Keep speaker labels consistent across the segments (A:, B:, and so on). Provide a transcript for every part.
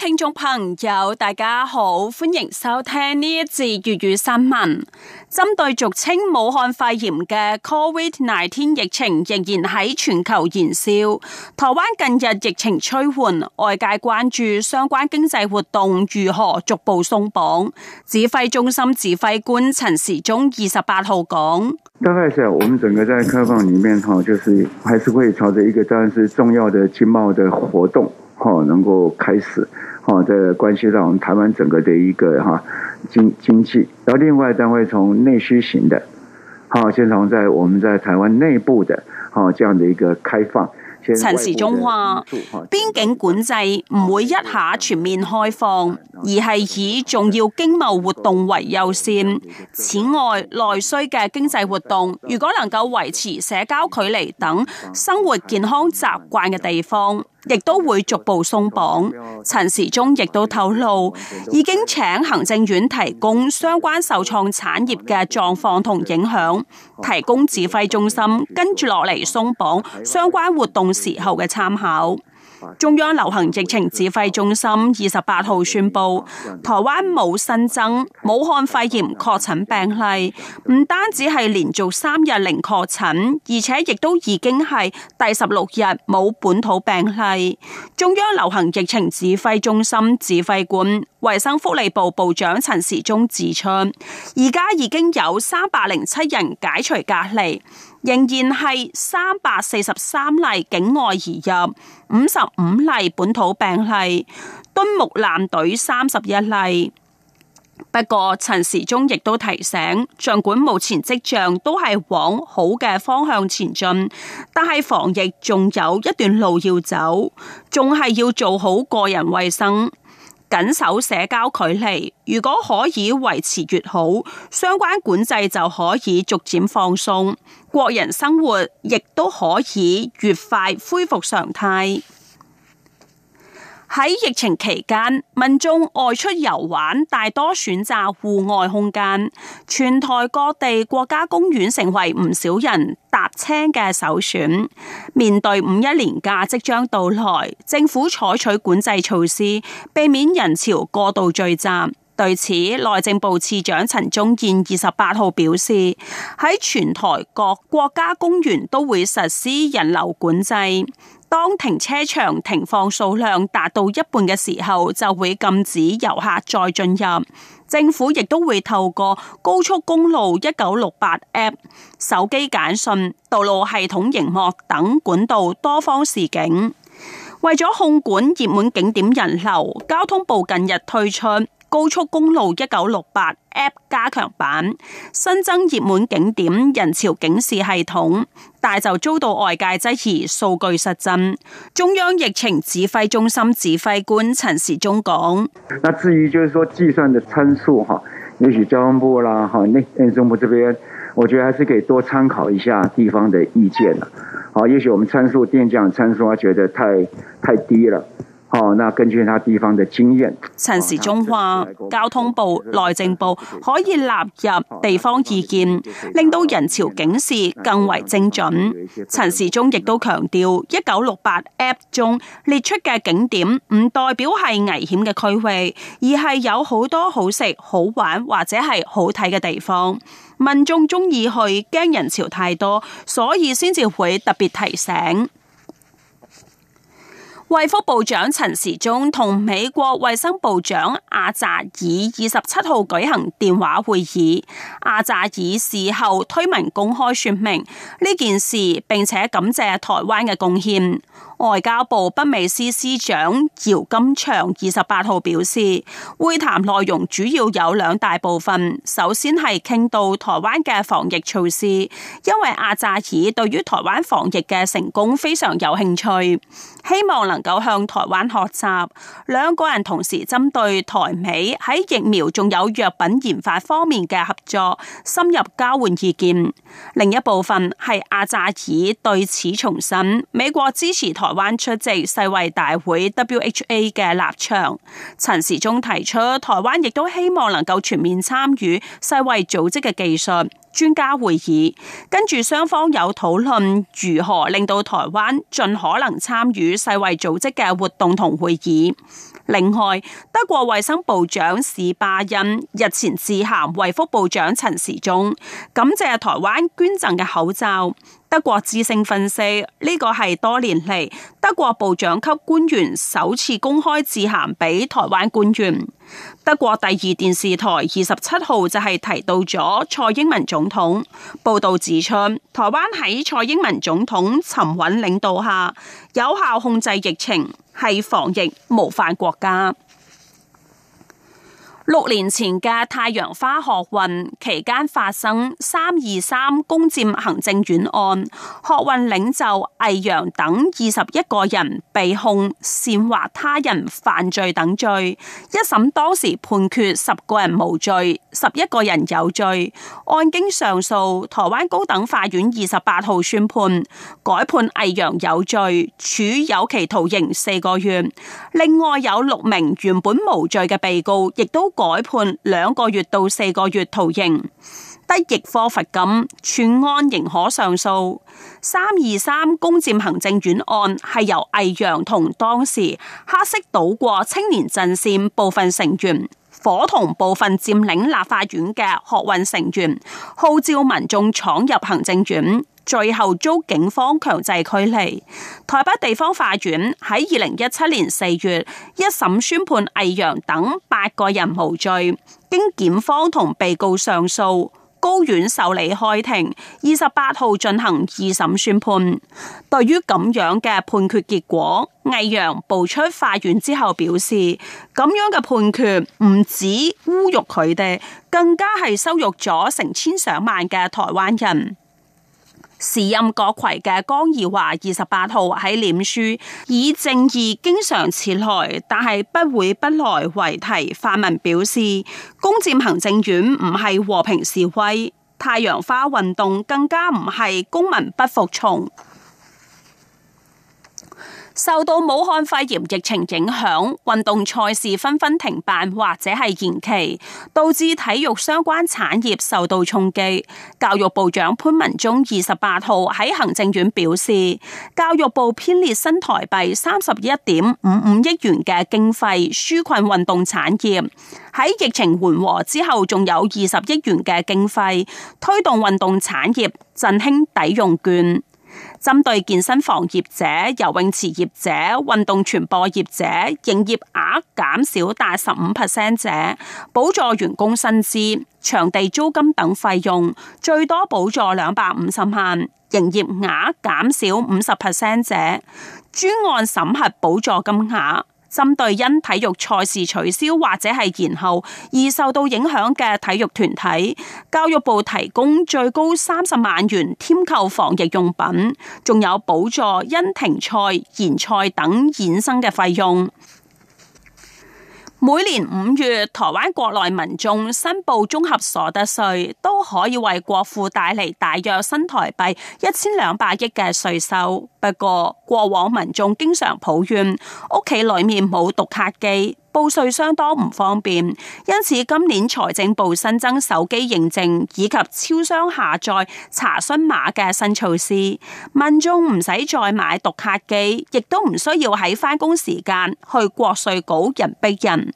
A: 聽眾朋友，大家好，歡迎收聽呢一節粵語新聞。針對俗稱武漢肺炎嘅 Covid nineteen 疫情仍然喺全球燃燒，台灣近日疫情趨緩，外界關注相關經濟活動如何逐步鬆綁。指揮中心指揮官陳時中二十八號講：，大概是，我們整個在開放裡面，就是還是會朝着一個，當然是重要的經貿的活動。好能夠開始，好、哦、在關係到我們台灣整個的一個哈經經濟。然、啊、後另外單位從內需型的，好、啊、先從在我們在台灣內部的，好、啊、這樣的一個開放。陳時中話：邊境管制唔會一下全面開放，而係以重要經貿活動為優先。此外，內需嘅經濟活動，如果能夠維持社交距離等生活健康習慣嘅地方。亦都會逐步鬆綁。陳時中亦都透露，已經請行政院提供相關受創產業嘅狀況同影響，提供指揮中心跟住落嚟鬆綁相關活動時候嘅參考。中央流行疫情指揮中心二十八號宣布，台灣冇新增武漢肺炎確診病例，唔單止係連續三日零確診，而且亦都已經係第十六日冇本土病例。中央流行疫情指揮中心指揮官、衛生福利部部長陳時中指出，而家已經有三百零七人解除隔離。仍然係三百四十三例境外移入，五十五例本土病例，敦睦艦隊三十一例。不過陳時中亦都提醒，盡管目前迹象都係往好嘅方向前進，但係防疫仲有一段路要走，仲係要做好個人衛生。緊守社交距離，如果可以維持越好，相關管制就可以逐漸放鬆，國人生活亦都可以越快恢復常態。喺疫情期間，民眾外出遊玩大多選擇戶外空間，全台各地國家公園成為唔少人搭車嘅首選。面對五一連假即將到來，政府採取管制措施，避免人潮過度聚集。對此，內政部次長陳宗彥二十八號表示，喺全台各國家公園都會實施人流管制。當停車場停放數量達到一半嘅時候，就會禁止遊客再進入。政府亦都會透過高速公路1968 App、手機簡訊、道路系統熒幕等管道多方示警。為咗控管熱門景點人流，交通部近日推出。高速公路一九六八 App 加強版新增熱門景點人潮警示系統，但就遭到外界質疑數據失真。中央疫情指揮中心指揮官陳時中講：那至於就是說計算的參數哈，也許交通部啦，哈，內政部這邊，我覺得還是可以多參考一下地方的意見啦。好，也許我們參數電價參數覺得太太低了。哦，那根據他，地方的經驗，陳時中話交通部、內政部可以納入地方意見，令到人潮警示更為精準。陳時中亦都強調，一九六八 App 中列出嘅景點唔代表係危險嘅區域，而係有好多好食、好玩或者係好睇嘅地方。民眾中意去，驚人潮太多，所以先至會特別提醒。衛福部長陳時中同美國衛生部長阿扎爾二十七號舉行電話會議，阿扎爾事後推文公開說明呢件事，並且感謝台灣嘅貢獻。外交部北美司司長姚金祥二十八號表示，會談內容主要有兩大部分。首先係傾到台灣嘅防疫措施，因為阿扎爾對於台灣防疫嘅成功非常有興趣，希望能夠向台灣學習。兩個人同時針對台美喺疫苗仲有藥品研發方面嘅合作深入交換意見。另一部分係阿扎爾對此重申，美國支持台台灣出席世衛大會 （WHA） 嘅立場，陳時中提出，台灣亦都希望能夠全面參與世衛組織嘅技術專家會議。跟住雙方有討論如何令到台灣盡可能參與世衛組織嘅活動同會議。另外，德國衛生部長史巴恩日前致函衛福部長陳時中，感謝台灣捐贈嘅口罩。德國之聲分析，呢個係多年嚟德國部長級官員首次公開致函俾台灣官員。德國第二電視台二十七號就係提到咗蔡英文總統，報道指出，台灣喺蔡英文總統沉穩領導下，有效控制疫情，係防疫模範國家。六年前嘅太陽花學運期間發生三二三攻占行政院案，學運領袖魏揚等二十一個人被控煽惑他人犯罪等罪，一審當時判決十個人無罪，十一個人有罪。案經上訴，台灣高等法院二十八號宣判，改判魏揚有罪，處有期徒刑四個月。另外有六名原本無罪嘅被告亦都，改判兩個月到四個月徒刑，得易科罰金。串案仍可上訴。三二三攻佔行政院案係由魏揚同當時黑色島國青年陣線部分成員，夥同部分佔領立法院嘅學運成員，號召民眾闖入行政院。最後遭警方強制驅離。台北地方法院喺二零一七年四月一審宣判魏揚等八個人無罪，經檢方同被告上訴，高院受理開庭二十八號進行二審宣判。對於咁樣嘅判決結果，魏揚步出法院之後表示：咁樣嘅判決唔止侮辱佢哋，更加係羞辱咗成千上萬嘅台灣人。時任閣揆嘅江宜樺二十八號喺臉書以正義經常遲來，但係不會不來為題，發文表示攻占行政院唔係和平示威，太陽花運動更加唔係公民不服從。受到武漢肺炎疫情影響，運動賽事紛紛停辦或者係延期，導致體育相關產業受到衝擊。教育部長潘文忠二十八號喺行政院表示，教育部編列新台幣三十一點五五億元嘅經費紓困運動產業。喺疫情緩和之後，仲有二十億元嘅經費推動運動產業振興抵用券。針對健身房業者、游泳池業者、運動傳播業者，營業額減少大十五 percent 者，補助員工薪資、場地租金等費用，最多補助兩百五十萬；營業額減少五十 percent 者，專案審核補助金額。針對因體育賽事取消或者係延後而受到影響嘅體育團體，教育部提供最高三十萬元添購防疫用品，仲有補助因停賽、延賽等衍生嘅費用。每年五月，台灣國內民眾申報綜合所得稅，都可以為國庫帶嚟大約新台幣一千兩百億嘅稅收。不過，過往民眾經常抱怨屋企裏面冇讀卡機。報稅相當唔方便，因此今年財政部新增手機認證以及超商下載查詢碼嘅新措施，民眾唔使再買讀卡機，亦都唔需要喺返工時間去國稅局人逼人。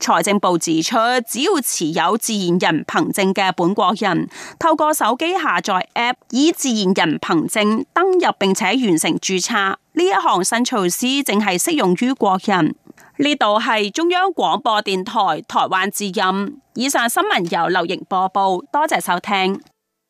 A: 財政部指出，只要持有自然人憑證嘅本國人，透過手機下載 App 以自然人憑證登入並且完成註冊，呢一項新措施淨係適用於國人。呢度係中央廣播電台台灣之音，以上新聞由劉瑩播報，多謝收聽。